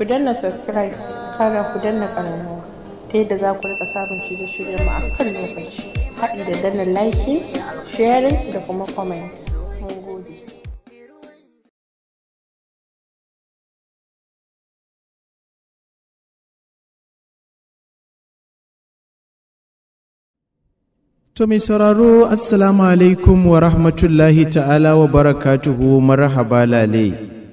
ku danna subscribe kara ku danna ƙararrawa ta yadda za ku rika samun shirye shiryen mu a kan lokaci haɗi da danna like sharing da kuma comment gode To mai sauraro Assalamu alaikum wa rahmatullahi ta'ala wa barakatuhu marhaba lalle.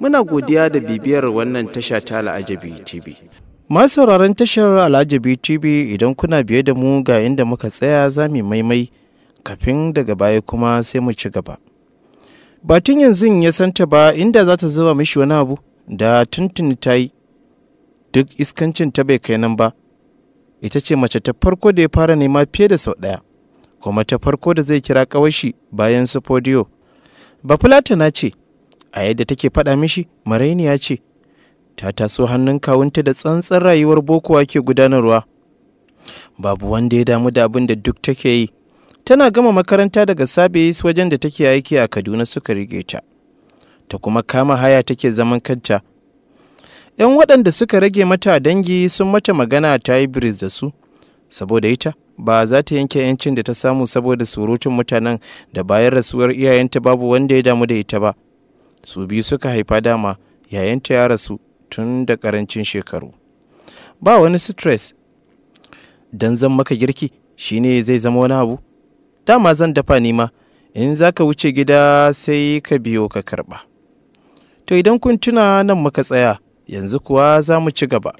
muna godiya da bibiyar wannan tasha ta al'ajabi tv masu sauraron tashar al'ajabi tv idan kuna biye da mu ga inda muka tsaya za mu maimai kafin daga baya kuma sai mu ci gaba batun yanzu ya santa ba inda za ta zuba mishi wani abu da tuntun ta yi duk iskancin ta bai kai nan ba ita ce mace ta farko da ya fara nema fiye da sau ɗaya kuma ta farko da zai kira kawashi bayan su fodiyo na ce a yadda take faɗa mishi marainiya ce ta taso hannun kawunta da tsantsan rayuwar bokowa ke gudanarwa babu wanda ya damu da abin da duk take yi tana gama makaranta daga sabis wajen da take aiki a kaduna suka rige ta ta kuma kama haya take zaman kanta 'yan waɗanda suka rage mata dangi sun mata magana ta yi biris da su saboda ita ba za ta yanke 'yancin da ta samu saboda surutun mutanen da bayan rasuwar iyayenta babu wanda ya damu da ita ba su biyu suka haifa dama ta ya rasu tun da karancin shekaru ba wani stress dan zan maka girki shine zai zama wani abu dama zan dafa ni ma in za ka wuce gida sai ka biyo ka karba to idan kun tuna nan muka tsaya yanzu kuwa za mu ci gaba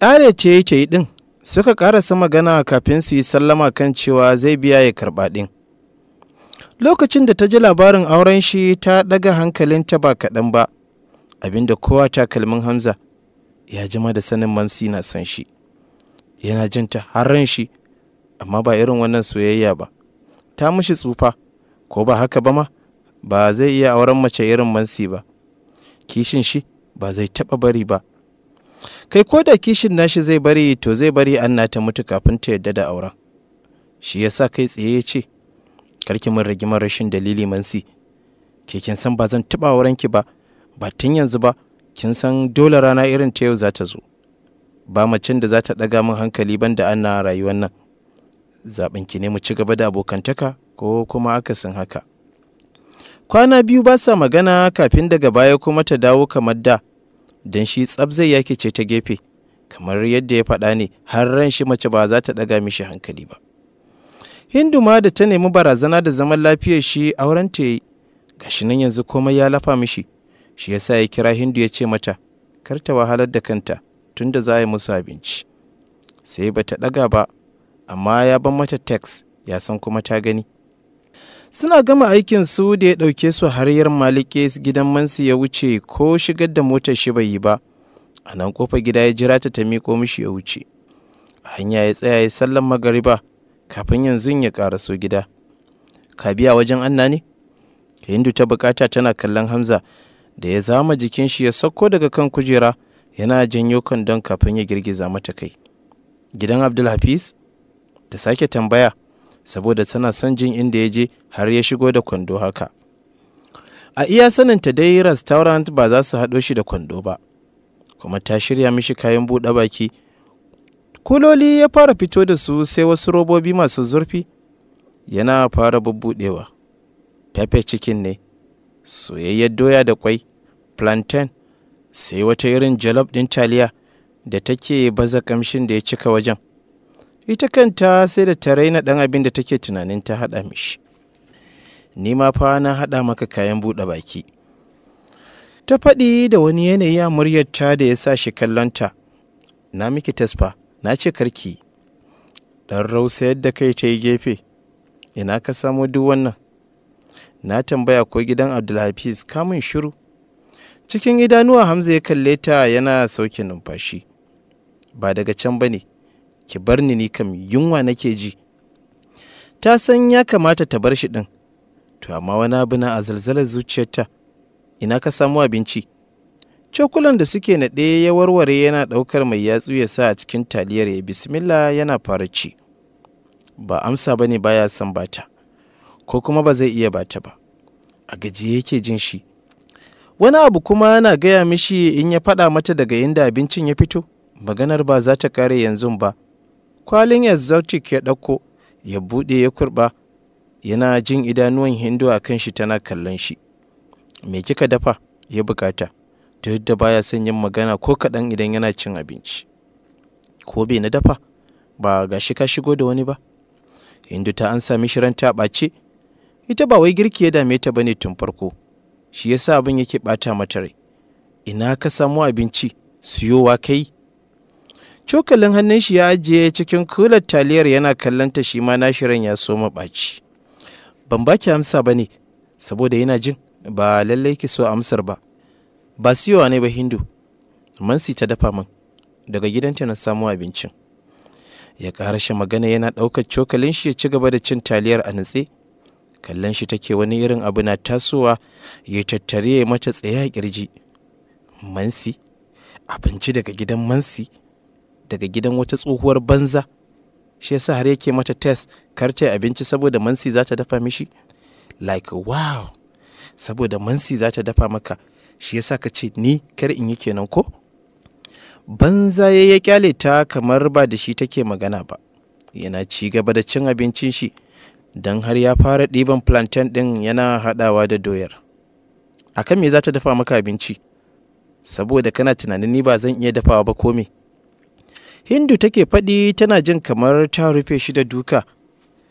ƙyale ce ce din, suka ƙarasa magana kafin su yi sallama kan cewa zai biya ya karɓa din. lokacin da ta ji labarin auren shi ta ɗaga hankalinta ba kaɗan ba abinda kowa takalmin hamza ya jima da sanin mamsi na son shi yana jin ta, har ran shi amma ba irin wannan soyayya ba ta mushi tsufa ko ba haka ba ma ba zai iya auren mace irin mansi ba kishin shi ba zai taɓa bari ba kai ko da kishin nashi zai bari to zai bari an ta mutu kafin ta yarda da auren shi yasa kai tsaye ya ce karki mun rigimar rashin dalili mansi ke kin san ba zan taba wurin ki ba ba tun yanzu ba kin san dole rana irin ta yau za ta zo ba macen da za ta daga min hankali ban da ana rayuwar nan zaɓin ki ne mu ci gaba da abokantaka ko kuma akasin haka kwana biyu ba sa magana kafin daga baya kuma ta dawo kamar da don shi tsab zai yake ce ta gefe kamar yadda ya faɗa ne har ran shi mace ba za ta ɗaga mishi hankali ba hindu ma da ta nemi barazana da zaman lafiyar shi auren ta yi gashi nan yanzu komai ya lafa mishi shi yasa ya kira hindu ya ce mata kar ta wahalar da kanta tunda za a yi musu abinci sai ba ta ɗaga ba amma ya ban mata text ya san kuma ta gani suna gama aikin su da ya ɗauke su yar malike gidan mansi ya wuce ko shigar da motar shi bai yi ba a nan kofa gida ya jira ta ta miƙo mishi ya wuce a hanya ya tsaya ya sallan magariba kafin yanzu ya karaso gida ka biya wajen anna ne hindu ta bukata tana kallon hamza da ya zama jikin shi ya sauko daga kan kujera yana janyo don kafin ya girgiza mata kai gidan abdulhafiz ta sake tambaya saboda tana son jin inda ya je har ya shigo da kwando haka a iya saninta dai restaurant ba za su haɗo shi da kwando ba kuma ta shirya mishi kayan buɗe baki kuloli ya fara fito da su sai wasu robobi masu zurfi yana fara bubbudewa pepe cikin ne soyayyar doya da kwai plantain sai wata irin jalof ɗin taliya da take baza kamshin da ya cika wajen ita kanta sai da ta raina dan abin da take tunanin ta hada mishi ni ma fa na hada maka kayan buɗe baki ta faɗi da wani yanayi a muryarta da ya sa shi kallonta na miki tasfa na ce karki ɗan rausa yadda kai ta yi gefe ina ka samo duk wannan na tambaya ko gidan abdulhafiz kamun shiru cikin idanuwa hamza ya kalle ta yana sauke numfashi ba daga can ba ne ki bar ni ni kam yunwa nake ji ta san ya kamata ta bar shi ɗin to amma wani abu na a zalzalar zuciyarta ina ka samu abinci cokulan da suke naɗe ya warware yana ɗaukar mai yatsu ya sa a cikin taliyar ya bismillah yana fara ci ba amsa ba ne ba ya san bata ko kuma ba zai iya bata ba a gaji yake jin shi wani abu kuma yana gaya mishi in ya faɗa mata daga inda abincin ya fito maganar ba za ta kare yanzu ba kwalin exotic ya ɗauko ya buɗe ya kurɓa yana jin idanuwan hindu a kan shi tana kallon shi me kika dafa ya bukata ta yadda baya son yin magana ko kaɗan idan yana cin abinci ko bai na dafa ba ga shi ka shigo da wani ba hindu ta an sami shirin ta ɓace ita ba wai girki ya dame ta bane tun farko shi yasa abin yake ɓata mata rai ina ka samu abinci siyowa kai cokalin hannun shi ya ajiye cikin kular taliyar yana kallanta shi ma nashiran ya soma ɓaci ban baki amsa ba ne saboda yana jin ba lallai ki so amsar ba ba siyowa ne ba hindu mansi ta dafa min daga gidanta na samu abincin ya karashe magana yana ɗaukar cokalin shi ya ci gaba da cin taliyar a nutse kallon shi take wani irin abu na tasowa ya tattare ya mata tsaye a kirji mansi abinci daga gidan mansi daga gidan wata tsohuwar banza shi yasa har yake mata test kar ta abinci saboda mansi za ta dafa mishi like wow saboda mansi za ta dafa maka shi yasa ka ce ni kar in yi kenan ko banza ya yi kyale ta kamar ba da shi take magana ba yana ci gaba da cin abincin shi don har ya fara ɗiban plantain ɗin yana haɗawa da doyar A kan me za ta dafa maka abinci saboda kana tunanin ni ba zan iya dafawa ba ko hindu take faɗi tana jin kamar ta rufe shi da duka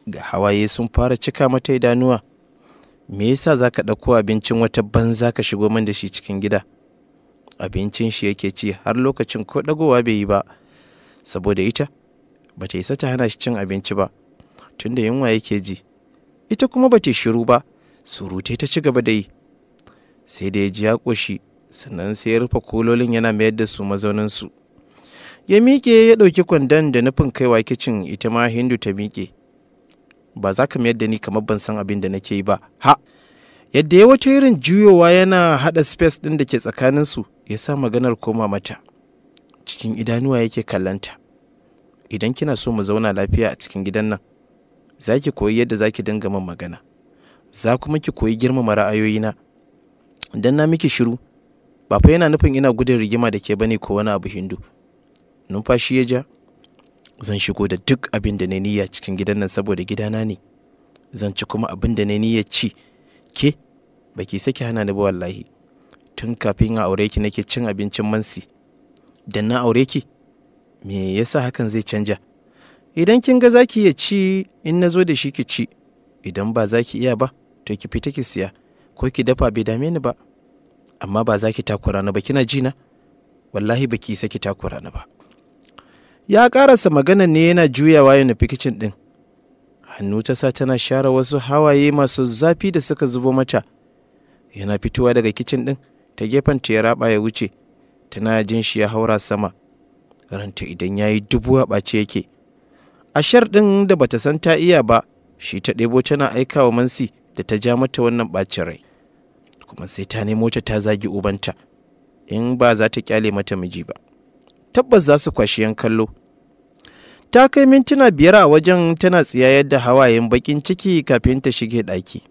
ga hawaye sun fara cika mata idanuwa me yasa za ka ɗauko abincin wata banza ka shigo min da shi cikin gida abincin shi yake ci har lokacin ko ɗagowa bai yi ba saboda ita ba ta isa ta hana shi cin abinci ba tunda yunwa yake ji ita kuma ba ta shiru ba surutai ta ci gaba da yi sai da ya ji ya ƙoshi sannan sai ya rufe kololin yana mayar da su mazauninsu ya miƙe ya ɗauki kwandon da nufin kaiwa kicin ita ma hindu ta miƙe ba za ka mayar da ni kamar ban san abin da nake yi ba ha yadda ya wata irin juyowa yana hada space din da ke tsakanin su ya sa maganar koma mata cikin idanuwa yake kallanta idan kina so mu zauna lafiya a cikin gidan nan za ki koyi yadda za ki dinga min magana za kuma ki koyi girmama ra'ayoyina dan na miki shiru ba fa yana nufin ina gudun rigima da ke bane ko wani abu hindu numfashi ya ja zan shigo da duk abin da na niyya cikin gidan nan saboda gidana ne zan ci kuma abin da na niyya ci ke baki saki hana ni ba wallahi tun kafin a aure ki nake cin abincin mansi da na aure ki me yasa hakan zai canja idan kin ga zaki iya ci in na zo da shi ki ci idan ba za iya ba to ki fita ki siya ko ki dafa bai dame ni ba amma ba za takura ni ba kina ji na wallahi ba ki ki takura ni ba ya karasa magana ne yana juyawa ya nufi kicin ɗin hannu ta sa tana share wasu hawaye masu zafi da suka zubo mata yana fitowa daga kicin ɗin ta gefen ta ya raba ya wuce tana jin shi ya haura sama ranta idan ya yi dubu a ɓace yake ashar ɗin da bata san ta iya ba shi ta ɗebo tana aika wa mansi da ta ja mata wannan ɓacin rai kuma sai ta nemo ta ta zagi ubanta in ba za ta kyale mata miji ba tabbas za su kwashi yan kallo ta kai mintuna biyar a wajen tana tsiyayar da hawayen bakin ciki kafin ta shige ɗaki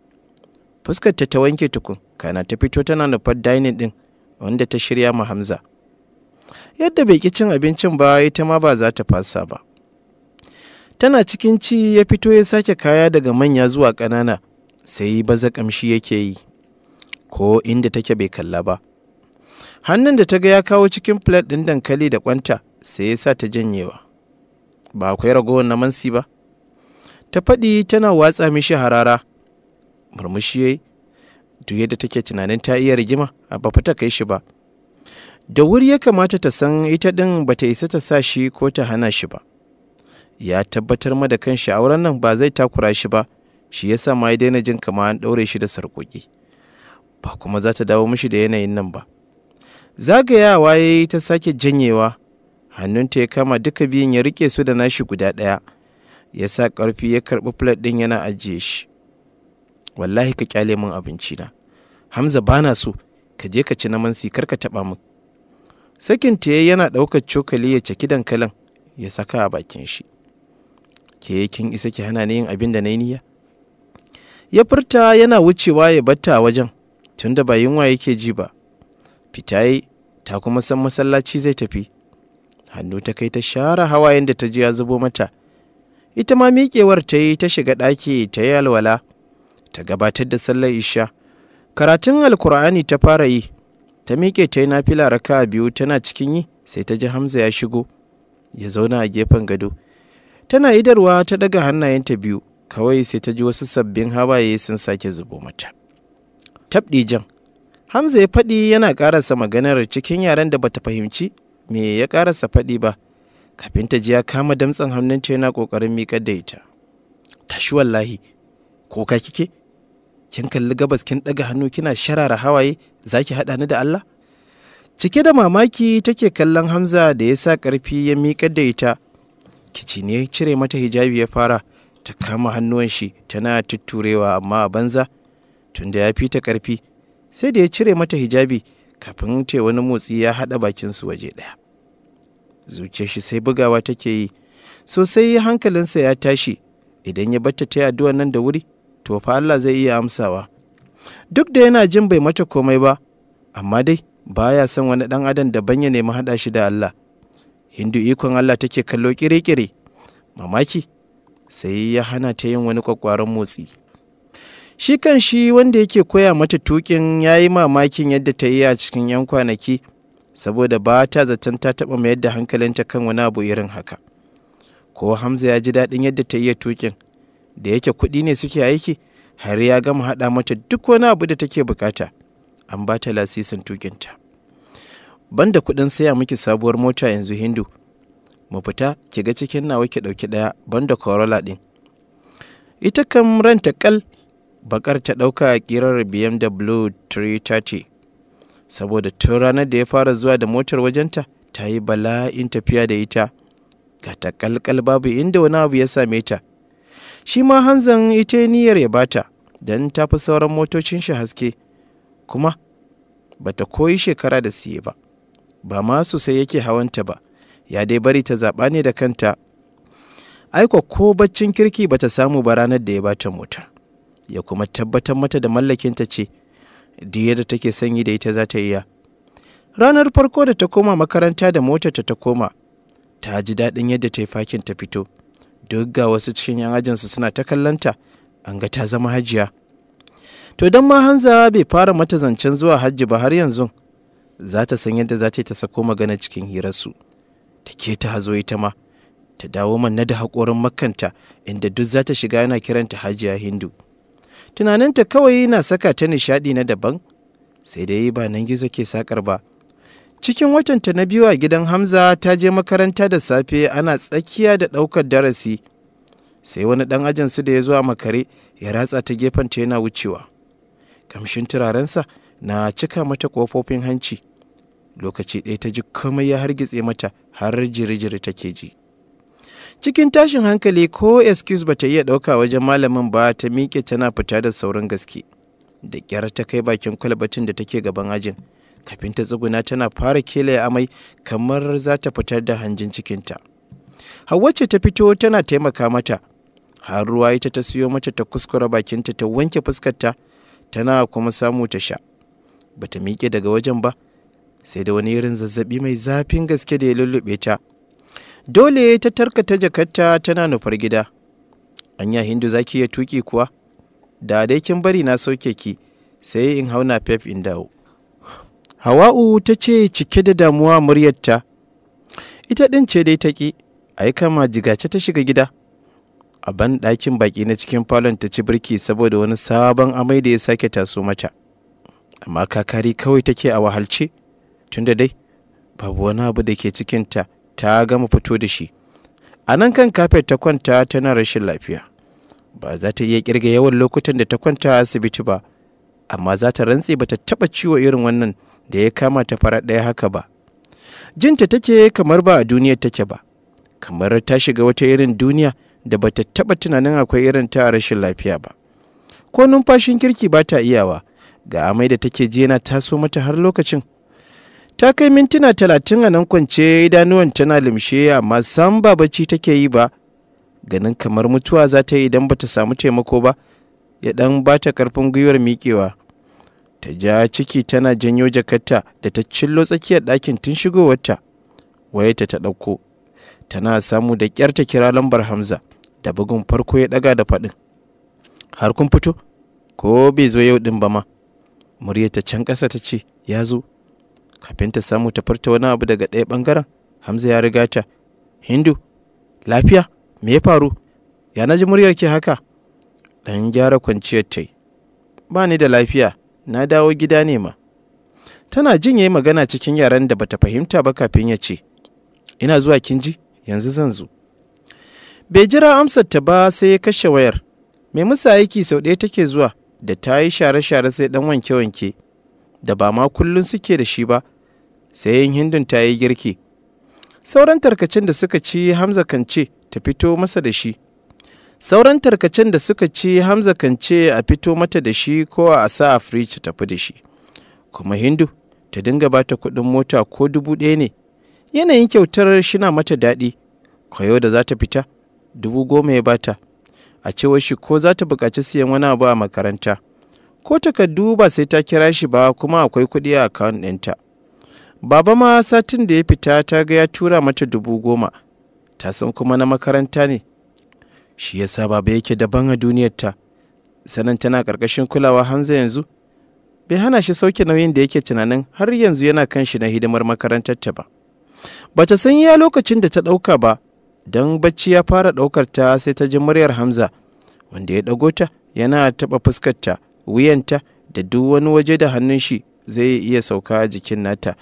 fuskar ta ta wanke tukun kana ta fito tana nufar dining din wanda ta shirya ma hamza yadda bai ki cin abincin ba ita ma ba za ta fasa ba tana cikin ci ya fito ya sake kaya daga manya zuwa ƙanana sai baza ƙamshi yake yi ko inda take bai kalla ba hannun da ta ga ya kawo cikin flat ɗin dankali da kwanta sai ya sa ta janyewa ba akwai ragowar na mansi ba ta faɗi tana watsa mishi harara murmushi yayi duk yadda take tunanin ta iya rigima a ba ta kai shi ba da wuri ya kamata ta san ita ɗin ba ta isa ta sa shi ko ta hana shi ba ya tabbatar ma da kanshi a wurin nan ba zai takura shi ba shi ya sa ma ya daina jin kama an ɗaure shi da sarƙoƙi ba kuma za ta dawo mishi da yanayin nan ba zagayawa ya yi ta sake janyewa hannunta ya kama duka biyun ya rike su da nashi guda ɗaya ya sa ƙarfi ya karɓi plate ɗin yana ajiye shi wallahi ka kyale min abinci na hamza bana so ka je ka ci na mansi kar ka taɓa min sakin ta yana ɗaukar cokali ya caki dankalin ya saka a bakin shi ke kin isa ki hana ni yin abin da na yi niyya ya furta yana wucewa ya batta wajen tunda ba yunwa yake ji ba fita yi ta kuma san masallaci zai tafi hannu ta kai ta share hawayen da ta ji ya zubo mata ita ma miƙewar ta yi ta shiga ɗaki ta yi alwala ta gabatar da sallar isha karatun alkur'ani ta fara yi ta miƙe ta yi nafila raka biyu tana cikin yi sai ta ji hamza ya shigo ya zauna a gefen gado tana idarwa ta daga hannayenta biyu kawai sai ta ji wasu sabbin hawaye sun sake zubo mata tabdijan Hamza ya faɗi yana ƙarasa maganar cikin yaren da bata fahimci me ya ƙarasa faɗi ba, kafin ta ji ya kama hannun ta yana ƙoƙarin miƙar da ita. Tashi wallahi, ko ka kike? Kin kalli gabas kin ɗaga hannu kina sharara hawaye za ki haɗa ni da Allah? Cike da mamaki take kallon Hamza da ya sa ƙarfi ya miƙar da ita. Kici ne cire mata hijabi ya fara, ta kama hannuwan shi tana tutturewa amma a banza, tunda ya fi ta ƙarfi. sai da ya cire mata hijabi kafin ta wani motsi ya haɗa bakinsu waje ɗaya zuciya shi sai bugawa take yi sosai hankalinsa ya tashi idan ya batta ta yi nan da wuri to fa Allah zai iya amsawa duk da yana jin bai mata komai ba amma dai baya son wani ɗan adam da ya nemi haɗa shi da Allah hindu ikon Allah take kallo kire-kire mamaki sai ya hana ta yin wani kwakwaron motsi shi kan shi wanda yake koya mata tukin ya yi mamakin yadda ta yi a cikin 'yan kwanaki saboda ba ta zaton ta taɓa mayar da hankalinta kan wani abu irin haka ko hamza ya ji daɗin yadda ta yi tukin da yake kuɗi ne suke aiki har ya gama haɗa mata duk wani abu da take bukata an ba ta lasisin tukinta banda kuɗin saya miki sabuwar mota yanzu hindu mu fita ki ga cikin nawa ki ɗauki ɗaya banda corolla ɗin ita kan ranta kal bakar ta ɗauka a kirar bmw 330 saboda tun ranar da ya fara zuwa da motar wajenta ta yi bala'in tafiya da ita ga ta kalkal babu inda wani abu ya same ta shi ma hanzan ita niyyar ya bata don ta fi sauran motocin shi haske kuma ba ta koyi shekara da siye ba ba ma sosai yake hawanta ba ya dai bari ta zaɓa ne da kanta aiko ko baccin kirki ba ta samu ba ranar da ya bata motar ya kuma tabbatar mata da mallakinta ce Da yadda take sanyi da ita za ta iya ranar farko da ta koma makaranta da motarta ta koma ta ji daɗin yadda ta yi fakin ta fito duk ga wasu cikin yan ajinsu suna ta kallanta an ga ta zama hajiya to don ma hanza bai fara mata zancen zuwa hajji ba har yanzu za ta san yadda za ta yi ta sako magana cikin hirarsu ta ke ta hazo ita ma ta dawo manna da haƙorin makanta inda duk za ta shiga yana kiranta hajiya hindu tunaninta kawai na saka ta nishaɗi na daban sai dai ba nan gizo ke sakar ba cikin watanta na biyu a gidan hamza ta je makaranta da safe ana tsakiya da ɗaukar darasi sai wani ɗan ajinsu da ya zo a makare ya ratsa ta gefen ta yana wucewa kamshin turarensa na cika mata kofofin hanci lokaci ɗaya ta ji komai ya hargitse mata har jiri-jiri take ji. cikin tashin hankali ko excuse ta iya ɗauka wajen malamin ba ta miƙe tana fita da sauran gaske da ƙyar ta kai bakin kwalbatin da take gaban ajin kafin ta tsuguna tana fara ya amai kamar za ta fitar da hanjin cikinta Hauwa ce ta fito tana taimaka mata har ruwa ita ta siyo mata ta kuskura bakinta ta wanke fuskarta tana kuma samu ta sha bata miƙe daga wajen ba sai da wani irin zazzabi mai zafin gaske da ya lullube ta dole ta tarkata jakarta tana nufar gida anya hindu zaki ya tuki kuwa da dai kin bari na sauke ki sai in hauna fef in dawo hawa'u ta ce cike da damuwa muryarta ita ɗin ce dai ta ƙi ai kama jigace ta shiga gida a ban ɗakin baƙi na cikin falon ta ci birki saboda wani sabon amai da ya sake taso mata amma kakari kawai take a wahalce tunda dai babu wani abu da ke cikinta ta gama fito da shi a nan kan kafet ta kwanta tana rashin lafiya ba za ta iya kirga yawan lokutan da ta kwanta a asibiti ba amma za ta rantse ba ta taɓa ciwo irin wannan da ya kama ta fara ɗaya haka ba jinta take kamar ba a duniya take ba kamar ta shiga wata irin duniya da ba ta taɓa tunanin akwai irin ta rashin lafiya ba ko numfashin kirki ba ta iyawa ga amai da take ji yana taso mata har lokacin ta kai mintuna talatin a nan kwance idanuwan tana limshe amma sam ba bacci take yi ba ganin kamar mutuwa za ta yi idan bata samu taimako ba ya dan ta karfin gwiwar miƙewa ta ja ciki tana janyo jakarta da ta cillo tsakiyar ɗakin tun shigowarta wayarta ta ɗauko tana samu da ƙyar ta kira lambar hamza da bugun farko ya ɗaga da faɗin har kun fito ko bai zo yau ɗin ba ma muryar ta can ƙasa ta ce ya zo kafin ta samu ta furta wani abu daga ɗaya ɓangaren hamza ya riga ta hindu lafiya me ya faru ya na ji muryar ke haka ɗan gyara kwanciyar ta yi ba ni da lafiya na dawo gida ne ma tana jin ya yi magana cikin yaren da bata fahimta ba kafin ya ce ina zuwa kin ji yanzu zan zo bai jira amsar ta ba sai ya kashe wayar mai musa aiki sau ɗaya take zuwa da ta yi share-share sai ɗan wanke-wanke da ba ma kullum suke da shi ba sai yin hindun ta yi girki sauran tarkacin da suka ci hamza kan ce ta fito masa da shi sauran tarkacen da suka ci hamza kan a fito mata da shi ko a sa a firiji ta tafi da shi kuma hindu ta dinga ba ta kuɗin mota ko dubu ɗaya ne yanayin kyautar shina mata daɗi kwayo da za ta fita dubu goma ya bata a cewar shi ko za ta buƙaci siyan wani abu a makaranta ko takardu ba sai ta kira shi ba kuma akwai kuɗi a akawun ɗinta baba ma satin da ya fita ta ga ya tura mata dubu goma ta san kuma na makaranta ne shi ya sa baba yake daban a duniyarta sanan tana ƙarƙashin kulawa hanzu yanzu bai hana shi sauke nauyin da yake tunanin har yanzu yana kan shi na hidimar makarantar ta ba bata san ya lokacin da ta ɗauka ba don bacci ya fara ɗaukar ta sai ta ji muryar hamza wanda ya ɗago ta yana taɓa fuskarta wuyanta da duk wani waje da hannun shi zai iya sauka jikin nata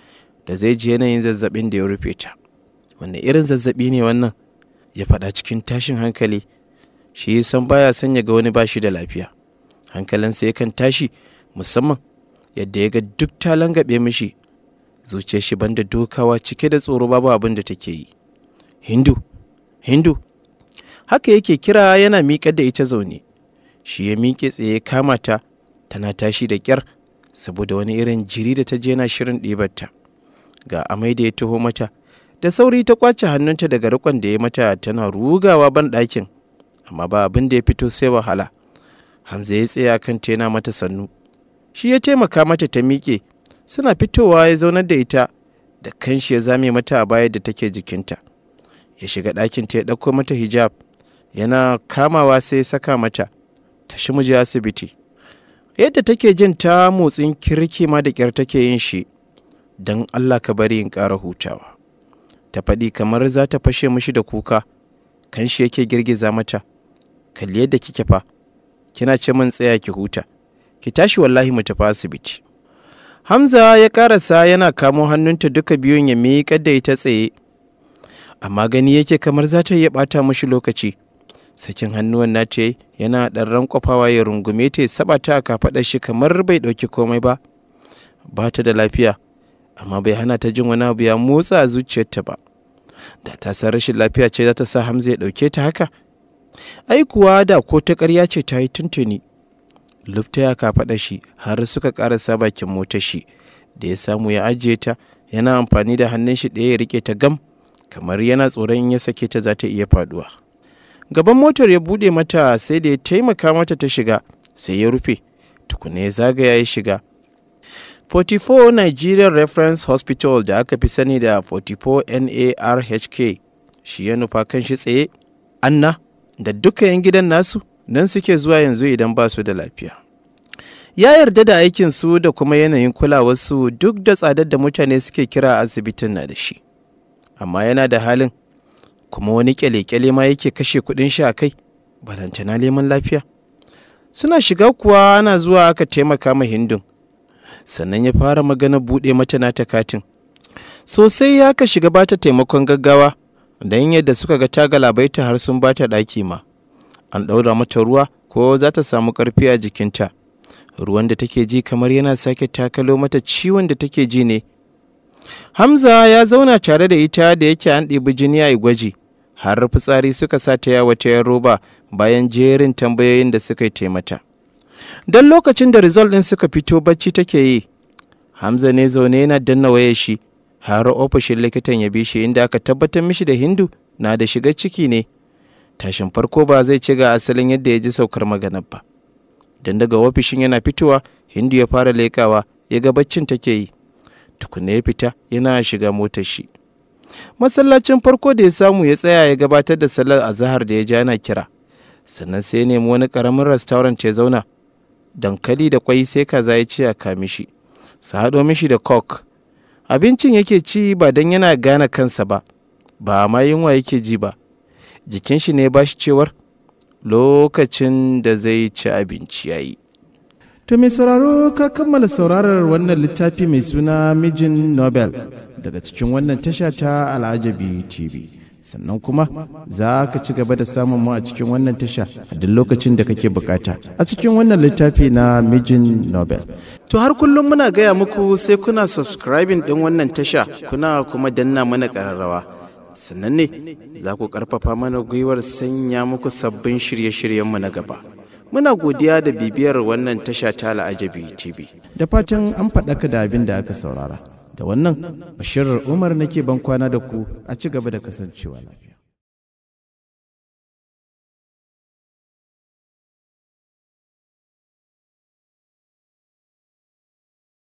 da zai ji yanayin zazzabin da ya rufe ta wanne irin zazzabi ne wannan ya faɗa cikin tashin hankali shi san baya son ya ga wani bashi da lafiya hankalinsa ya kan tashi musamman yadda ya ga duk talan gaɓe mishi zuciyar shi banda dokawa cike da tsoro babu abin da take yi hindu hindu haka yake kira yana miƙar da ita zaune shi ya miƙe tsaye kama ta tana tashi da kyar. saboda wani irin jiri da ta je na shirin ɗibarta ga amai da ya taho mata da sauri ta kwace hannunta daga rikon da ya mata tana rugawa ban ɗakin amma ba abin da ya fito sai wahala hamza ya tsaya kan yana mata sannu shi ya taimaka mata ta miƙe suna fitowa ya zaunar da ita da kanshi ya zame mata a baya da take jikinta ya shiga ɗakin ta ya ɗauko mata hijab yana kamawa sai ya saka mata ta shi asibiti yadda take jin ta motsin kirki ma da ƙyar take yin shi don allah ka bari in ƙara hutawa ta faɗi kamar za ta fashe mishi da kuka kan shi yake girgiza mata kalli yadda kike fa kina ce min tsaya ki huta ki tashi wallahi mu tafi asibiti hamza ya karasa yana kamo hannunta duka biyun ya miƙar da ita tsaye amma gani yake kamar za ta iya ɓata mishi lokaci sakin hannuwan ce yana ɗan rankwafawa ya rungume ta ya saba ta kafaɗar shi kamar bai ɗauki komai ba ba ta da lafiya amma bai hana ta jin wani abu ya motsa ta ba da ta san rashin lafiya ce za ta sa hamza ya ɗauke ta haka ai kuwa da ko ta ƙarya ce ta yi tuntuni lufta ya kafaɗa shi har suka ƙarasa bakin motar shi da ya samu ya ajiye ta yana amfani da hannun shi ɗaya ya riƙe ta gam kamar yana tsoron ya sake ta za ta iya faɗuwa. gaban motar ya buɗe mata sai da ya taimaka mata ta shiga sai ya rufe tukuna ya zagaya ya shiga 44 Nigerian Reference Hospital da aka fi sani da 44 NARHK shi ya nufa kan shi tsaye Anna da duka 'yan gidan nasu nan suke zuwa yanzu idan ba su da lafiya. Ya yarda da aikin su da kuma yanayin kulawarsu duk da tsadar da mutane suke kira asibitin na da shi. Amma yana da halin kuma wani kyale-kyale ma yake kashe kuɗin shi a kai balantana neman lafiya suna shiga kuwa ana zuwa aka taimaka ma hindun sannan ya fara magana buɗe mata nata katin sosai ya ka shiga ba ta taimakon gaggawa don yadda suka ga ta galabaita har sun bata ɗaki ma an ɗaura mata ruwa ko za ta samu ƙarfi a jikinta ruwan da take ji kamar yana sake takalo mata ciwon da take ji ne Hamza ya zauna tare da ita da yake an ɗibi jini a gwaji. Har fitsari suka sa ta yawa ta roba bayan jerin tambayoyin da suka yi taimata. Don lokacin da result ɗin suka fito bacci take yi, Hamza ne zaune yana danna wayar shi har ofishin likitan ya bi shi inda aka tabbatar mishi da Hindu na da shiga ciki ne. Tashin farko ba zai ci ga asalin yadda ya ji saukar maganar ba. don daga ofishin yana fitowa, Hindu ya fara leƙawa, ya ga baccin take yi. tukuna ya fita yana shiga motar shi masallacin farko da ya samu ya tsaya ya gabatar da sallar azahar da ya ja yana kira sannan sai ya nemi wani karamin restaurant ya zauna dankali da kwai sai kaza ya ci a kamishi su haɗo mishi da coke abincin yake ci ba don yana gane kansa ba ba ma yunwa yake ji ba jikin shi ne ba shi cewar lokacin da zai ci abinci ya yi To mai sauraro ka kammala saurarar wannan littafi mai suna mijin Nobel daga cikin wannan tasha ta Al'ajabi TV. Sannan kuma za ka ci gaba da samun mu a cikin wannan tasha a duk lokacin da kake bukata a cikin wannan littafi na mijin Nobel. To har kullum muna gaya muku sai kuna subscribing ɗin wannan tasha kuna kuma danna mana ƙararrawa. Sannan ne za ku ƙarfafa mana gwiwar sanya muku sabbin shirye-shiryenmu na gaba. muna godiya da bibiyar wannan tasha ta la'ajabi tv da fatan an faɗaka da abin da aka saurara da wannan bashirar umar nake ban kwana da ku a ci gaba da kasancewa lafiya